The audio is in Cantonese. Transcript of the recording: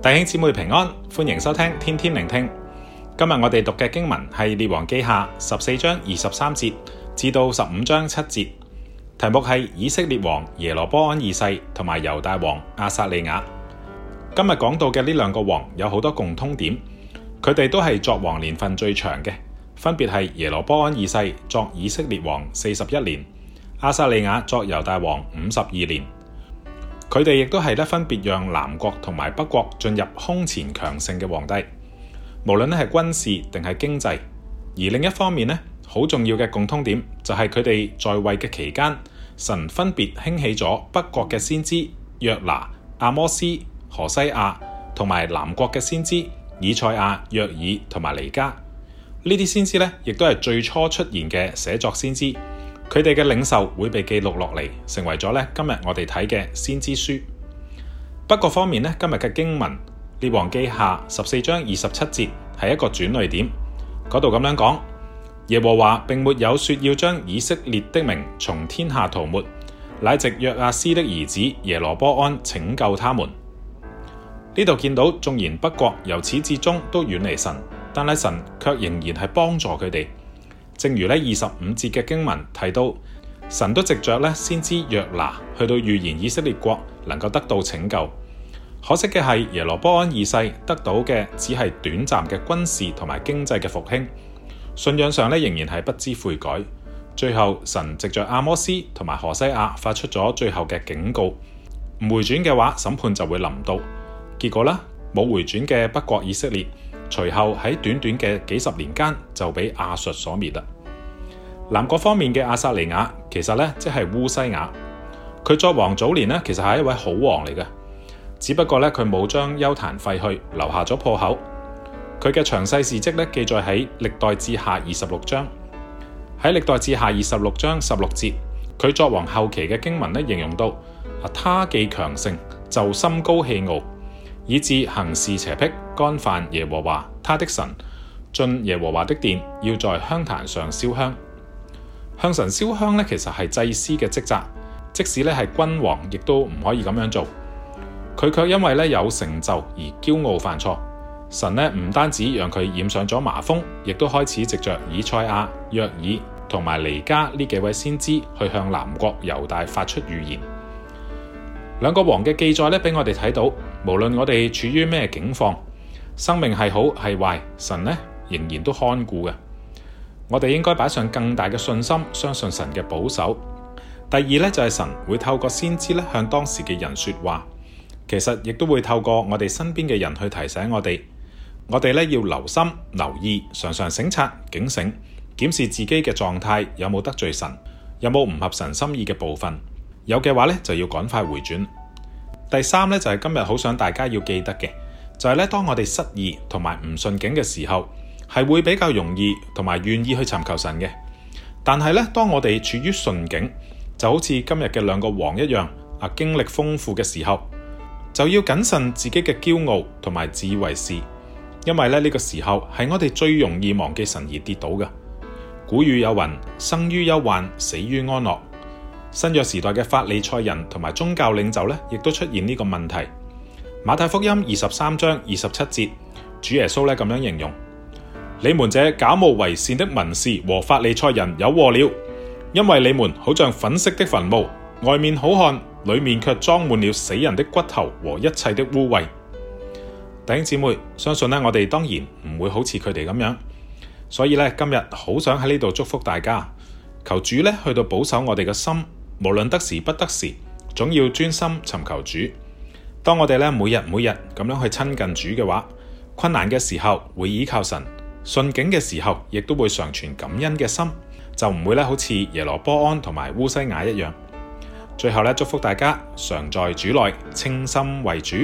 弟兄姊妹平安，歡迎收聽天天靈聽。今日我哋讀嘅經文係列王紀下十四章二十三節至到十五章七節，題目係以色列王耶羅波安二世同埋猶大王亞撒利雅。今日講到嘅呢兩個王有好多共通點，佢哋都係作王年份最長嘅，分別係耶羅波安二世作以色列王四十一年，亞撒利雅作猶大王五十二年。佢哋亦都係咧，分別讓南國同埋北國進入空前強盛嘅皇帝，無論咧係軍事定係經濟。而另一方面咧，好重要嘅共通點就係佢哋在位嘅期間，神分別興起咗北國嘅先知約拿、阿摩司、何西阿，同埋南國嘅先知以賽亞、約珥同埋彌迦。呢啲先知咧，亦都係最初出現嘅寫作先知。佢哋嘅領受會被記錄落嚟，成為咗呢今日我哋睇嘅先知書。北國方面呢，今日嘅經文列王記下十四章二十七節係一個轉捩點，嗰度咁樣講：耶和華並沒有說要將以色列的名從天下塗抹，乃藉約阿施的兒子耶羅波安拯救他們。呢度見到縱然北國由始至終都遠離神，但係神卻仍然係幫助佢哋。正如呢二十五節嘅經文提到，神都藉着呢先知約拿去到預言以色列國能夠得到拯救。可惜嘅係耶羅波安二世得到嘅只係短暫嘅軍事同埋經濟嘅復興，信仰上呢仍然係不知悔改。最後神藉着阿摩司同埋何西阿發出咗最後嘅警告，唔回轉嘅話審判就會臨到。結果呢，冇回轉嘅北國以色列。隨後喺短短嘅幾十年間就俾亞述所滅啦。南國方面嘅亞撒利雅，其實呢即係烏西亞，佢作王早年呢，其實係一位好王嚟嘅，只不過呢，佢冇將邱壇廢去，留下咗破口。佢嘅詳細事迹呢，記載喺歷代志下二十六章，喺歷代志下二十六章十六節，佢作王後期嘅經文呢，形容到，啊，他既強盛就心高氣傲。以致行事邪僻，干犯耶和華他的神，進耶和華的殿，要在香壇上燒香。向神燒香呢，其實係祭司嘅職責，即使咧係君王，亦都唔可以咁樣做。佢卻因為咧有成就而驕傲犯錯，神呢，唔單止讓佢染上咗麻風，亦都開始藉着以賽亞、約珥同埋彌迦呢幾位先知去向南國猶大發出預言。兩個王嘅記載咧，俾我哋睇到，無論我哋處於咩境況，生命係好係壞，神呢仍然都看顧嘅。我哋應該擺上更大嘅信心，相信神嘅保守。第二呢，就係神會透過先知咧向當時嘅人說話，其實亦都會透過我哋身邊嘅人去提醒我哋。我哋咧要留心留意，常常省察、儆醒，檢視自己嘅狀態有冇得罪神，有冇唔合神心意嘅部分。有嘅話呢，就要趕快回轉。第三咧，就係今日好想大家要記得嘅，就係咧當我哋失意同埋唔順境嘅時候，係會比較容易同埋願意去尋求神嘅。但係咧當我哋處於順境，就好似今日嘅兩個王一樣，啊經歷豐富嘅時候，就要謹慎自己嘅驕傲同埋自以為是，因為咧呢個時候係我哋最容易忘記神而跌倒嘅。古語有云：生於憂患，死於安樂。新約時代嘅法利賽人同埋宗教領袖咧，亦都出現呢個問題。馬太福音二十三章二十七節，主耶穌咧咁樣形容，你們這假冒為善的文士和法利賽人有禍了，因為你們好像粉飾的墳墓，外面好看，裏面卻裝滿了死人的骨頭和一切的污穢。弟兄姊妹，相信呢，我哋當然唔會好似佢哋咁樣，所以呢，今日好想喺呢度祝福大家，求主呢，去到保守我哋嘅心。無論得時不得時，總要專心尋求主。當我哋咧每日每日咁樣去親近主嘅話，困難嘅時候會倚靠神，順境嘅時候亦都會常存感恩嘅心，就唔會咧好似耶羅波安同埋烏西亞一樣。最後咧，祝福大家常在主內，清心為主。